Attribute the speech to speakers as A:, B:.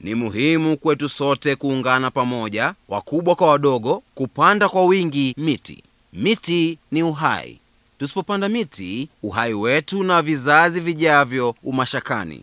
A: Ni muhimu kwetu sote kuungana pamoja, wakubwa kwa wadogo, kupanda kwa wingi miti. Miti ni uhai. Tusipopanda miti, uhai wetu na vizazi vijavyo umashakani.